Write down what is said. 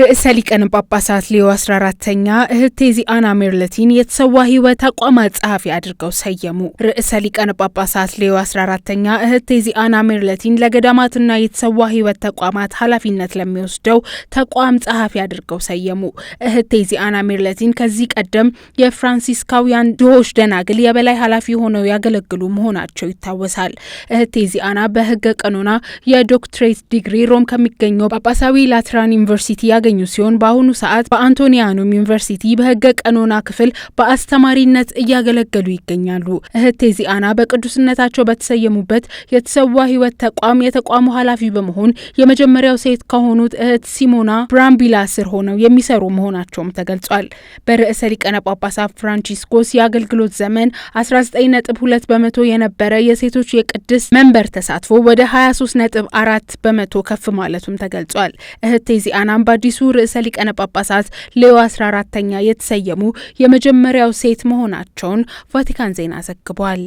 ርዕሰ ሊቀን ጳጳሳት ሌዮ 14ተኛ እህቴ ዚአና ሜርለቲን የተሰዋ ህይወት ተቋማት ጸሐፊ አድርገው ሰየሙ። ርዕሰ ሊቀን ጳጳሳት ሌዮ 14ተኛ እህቴ ዚአና ሜርለቲን ለገዳማትና የተሰዋ ህይወት ተቋማት ኃላፊነት ለሚወስደው ተቋም ጸሐፊ አድርገው ሰየሙ። እህቴ ዚአና ሜርለቲን ከዚህ ቀደም የፍራንሲስካውያን ድሆች ደናግል የበላይ ኃላፊ ሆነው ያገለግሉ መሆናቸው ይታወሳል። እህቴ ዚአና በህገ ቀኖና የዶክትሬት ዲግሪ ሮም ከሚገኘው ጳጳሳዊ ላትራን ዩኒቨርሲቲ ያገኙ ሲሆን በአሁኑ ሰዓት በአንቶኒያኖም ዩኒቨርሲቲ በህገ ቀኖና ክፍል በአስተማሪነት እያገለገሉ ይገኛሉ። እህቴ ዚአና በቅዱስነታቸው በተሰየሙበት የተሰዋ ህይወት ተቋም የተቋሙ ኃላፊ በመሆን የመጀመሪያው ሴት ከሆኑት እህት ሲሞና ብራምቢላ ስር ሆነው የሚሰሩ መሆናቸውም ተገልጿል። በርዕሰ ሊቀነ ጳጳሳት ፍራንቺስኮስ የአገልግሎት ዘመን 19.2 በመቶ የነበረ የሴቶች የቅድስት መንበር ተሳትፎ ወደ 23.4 በመቶ ከፍ ማለቱም ተገልጿል። እህቴ ዚአናም በአዲሱ አዲሱ ርዕሰ ሊቀነ ጳጳሳት ሌዮ 14ተኛ የተሰየሙ የመጀመሪያው ሴት መሆናቸውን ቫቲካን ዜና ዘግቧል።